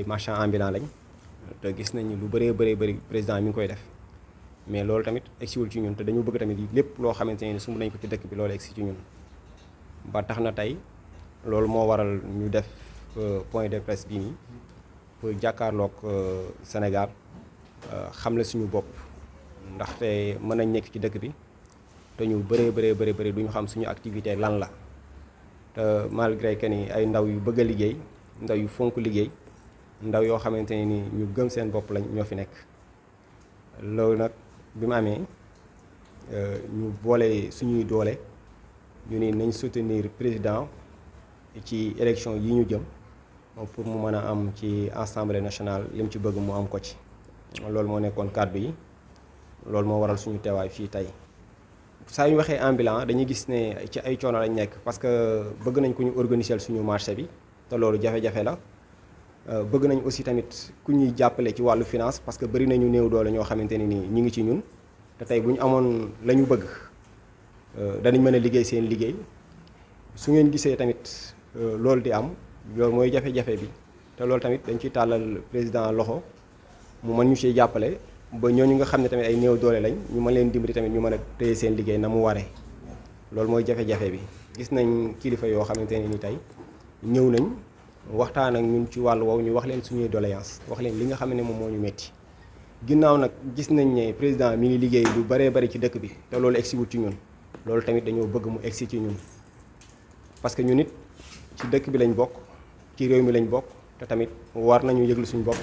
ay marchand lañ te gis nañu lu bëree bëree bëri président mi ngi koy def mais loolu tamit egsiwul ci ñun te dañu bëgg tamit lépp loo xamante ne sumb nañ ko ci dëkk bi loolu egsi ci ñun ba tax na tey loolu moo waral ñu def euh, point de presse bii nii pour jàkkaarloog euh, Sénégal euh, xam la suñu bopp ndaxte mën nañ nekk ci dëkk bi te ñu bëree bëree bëri bëri du ñu xam suñu activité lan la te malgré que ni ay ndaw yu bëgg a liggéey ndaw yu fonk liggéey ndaw yoo xamante ne nii ñu gëm seen bopp lañ ñoo fi nekk loolu nag bi mu amee euh, ñu boole suñuy doole ñu nii nañ soutenir président ci élection yi ñu jëm pour mu mën a am ci assemblée nationale li mu ci bëgg mu am ko ci loolu moo nekkoon kàddu yi loolu moo waral suñu teewaay fii tey saa yu ñu waxee ambulant dañu gis ne ci ay coono lañ nekk parce que bëgg nañ ko ñu organiser suñu marché bi te loolu jafe-jafe la Euh, bëgg nañ aussi tamit ku ñuy jàppale ci wàllu finance parce que bëri nañu néew doole ñoo xamante ne nii ñu ngi ci ñun te tey bu ñu amoon la ñu bëgg euh, danañ mën a liggéey seen liggéey su ngeen gisee tamit euh, loolu di am loolu mooy jafe-jafe bi te loolu tamit dañ ciy tàllal président loxo mu mën ñu jàppale ba ñooñu nga xam ne tamit ay néew doole lañ ñu mën leen dimbali tamit ñu mën a téye seen liggéey na mu waree loolu mooy jafe bi gis nañ kilifa yoo xamante ne ni tey ñëw nañ. waxtaan ak ñun ci wàll woowu ñu wax leen suñuy doléance wax leen li nga xam ne moom moo ñu metti ginnaaw nag gis nañ ne président mi ngi liggéey lu bëree bëri ci dëkk bi te loolu egsi wut ci ñun loolu tamit dañoo bëgg mu egsi ci ñun parce que ñun it ci dëkk bi lañ bokk ci réew mi lañ bokk te tamit war nañu yëglu suñu bopp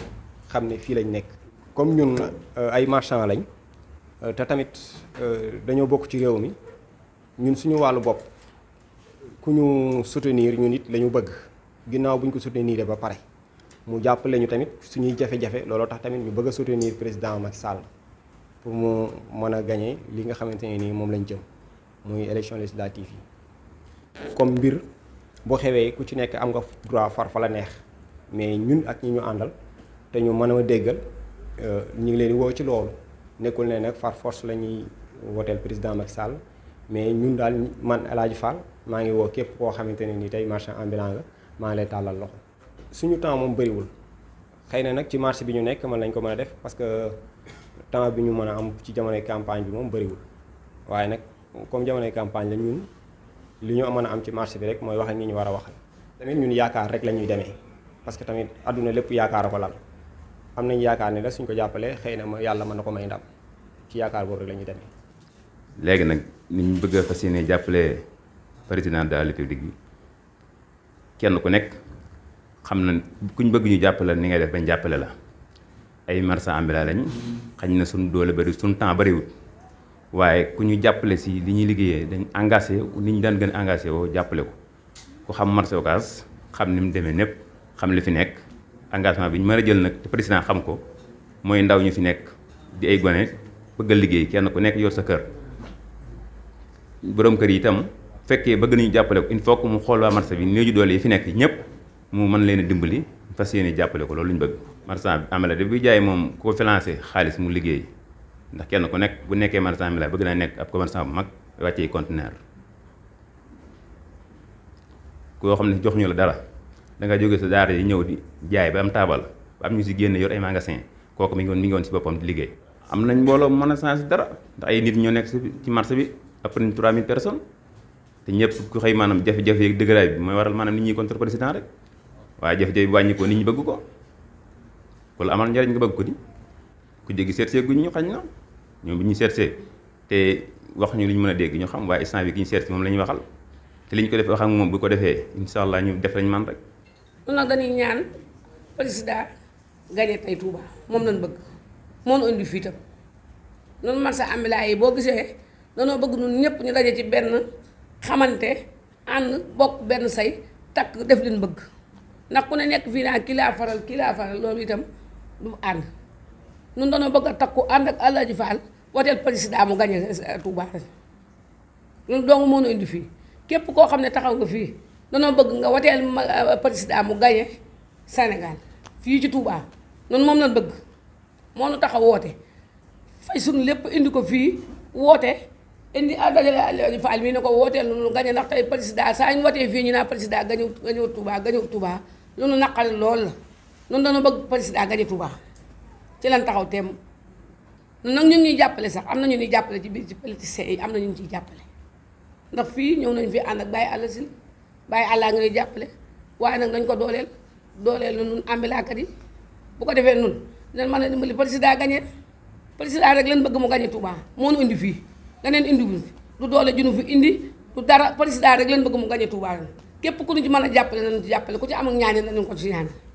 xam ne fii lañ nekk. comme ñun euh, ay marchand lañ euh, te tamit euh, dañoo bokk ci réew mi ñun suñu wàllu bopp ku ñu soutenir ñun it lañu bëgg. ginnaaw bu ñu ko soutenir ba pare mu jàppale ñu tamit suñuy jafe-jafe looloo tax tamit ñu bëgg a soutenir président Macky Sall pour mu mën a gagné li nga xamante ne nii moom lañ jëm muy élection législative yi. comme mbir boo xewee ku ci nekk am nga droit far fa la neex mais ñun ak ñi ñu àndal te ñu mën a déggal euh, ñu ngi leen di woo ci loolu nekkul ne nag far force la ñuy woteel président Macky Sall mais ñun daal man El Hadj Fall maa ngi woo képp koo xamante ne nii tey marchand ambulant nga. maa ngi lay tàllal loxo suñu temps moom bëriwul xëy na nag ci marché bi ñu nekk mën lañ ko mën a def parce que temps bi ñu mën a am ci jamonoy campagne bi moom bëriwul waaye nag comme jamonoy campagne la li ñu mën a am ci marché bi rek mooy wax ak ñu war a waxal. tamit ñun yaakaar rek lañuy demee parce que tamit àdduna lépp yaakaar ko lal am nañ yaakaar ni la suñ ko jàppalee xëy na ma yàlla mën na ko may ndam ci yaakaar boobu rek la ñuy demee. léegi nag ni ñu bëgg a fas yéene jàppale président de la kenn ku nekk xam na kuñ bëgg ñu jàppale ni ngay def bañ jàppale la ay marchands ambulants lañ xañ na suñ doole bari suñ temps bariwut waaye ku ñu jàppale si li ñuy liggéeyee dañ engagé li ñu daan gën a engagé woo jàppale ko ku xam marché Ocass xam ni mu demee népp xam li fi nekk engagement bi ñu mën a jël nag te président xam ko mooy ndaw ñu fi nekk di ay gone bëgg a liggéey kenn ku nekk yor sa kër borom kër yi itam fekkee bëgg nañu jàppale ko il faut mu xool waa marché bi néew ju doole yi fi nekk ñëpp mu mën leen a dimbali fas yéene jàppale ko loolu lu ñu bëgg marchand amela de buy jaay moom ko financé xaalis mu liggéey ndax kenn ku nekk bu nekkee marchand amela bëgg naa nekk ab commerçant bu mag wàccee conteneur koo xam ne jox ñu la dara da nga jóge sa daar yi ñëw di jaay ba am taabal ba am ñu si génn yor ay magasin kooku mi ngi woon mi ngi woon si boppam di liggéey am nañ mbooloo mën a dara ndax nit ñoo nekk ci marché bi ëpp nañ 3000 personnes te ñëpp ku xëy maanaam jafe-jafe yeeg dëgëraay bi mooy waral maanaam nit ñi contre président rek waaye jafe-jafe bi wàññi ko nit ñi bëgg ko wala amal njariñ nga bëgg ko di ku jéggi seetsee guñ ñu xañ na ñoom bi ñu seetsee te wax ñu li ñu mën a dégg ñu xam waaye instant ki ñu seet si la ñuy waxal te li ko def wax ak moom bu ko defee incha allah ñu def lañ man rek. ñun nag dañuy ñaan président gagné tey Touba moom lañ bëgg moo ñu indi fii tam noonu man sa ambilaay yi boo gisee danoo bëgg ñun ñëpp ñu daje ci benn. xamante ànd bokk benn say takk def leen bëgg ndax ku ne nekk fii naa kii faral kii laa faral loolu itam du ànd nun dañoo bëgg a takku ànd ak Alaaji Faal woteel président mu gañe euh, Touba loolu dong moo indi fii képp koo xam ne taxaw nga fii danoo bëgg nga woteel euh, président mu gañe Sénégal fii ci Touba noonu moom lañ bëgg moo nu taxaw woote fay suñu lépp indi ko fii woote indi dajale Fall mii ne ko wooteel lu gañe ndax tey président saa ñu wootee fii ñu naa président gañu gañu Touba gañu Touba lu nu naqari lool la noonu dañu bëgg président gañe ci lan taxaw temm nag ñun ñuy jàppale sax am na ñu ñuy jàppale ci biir ci politiciens yi am na ñu ciy jàppale ndax fii ñëw nañ fi ànd ak bàyyi àll si bàyyi àllaa nga ñuy jàppale waaye nag dañ ko dooleel dooleel nu nun ambilaakat yi bu ko defee nun dinañ mën a dimbali président gañe président rek lan bëgg mu gañe Touba moo nu fii leneen indiwuñu fi du doole junu fi indi du dara président rek leen bëgg mu gañe Touba képp ku ñu ci mën a jàppale nañu ci jàppale ku ci am ak ñaan nañu ko ci ñaan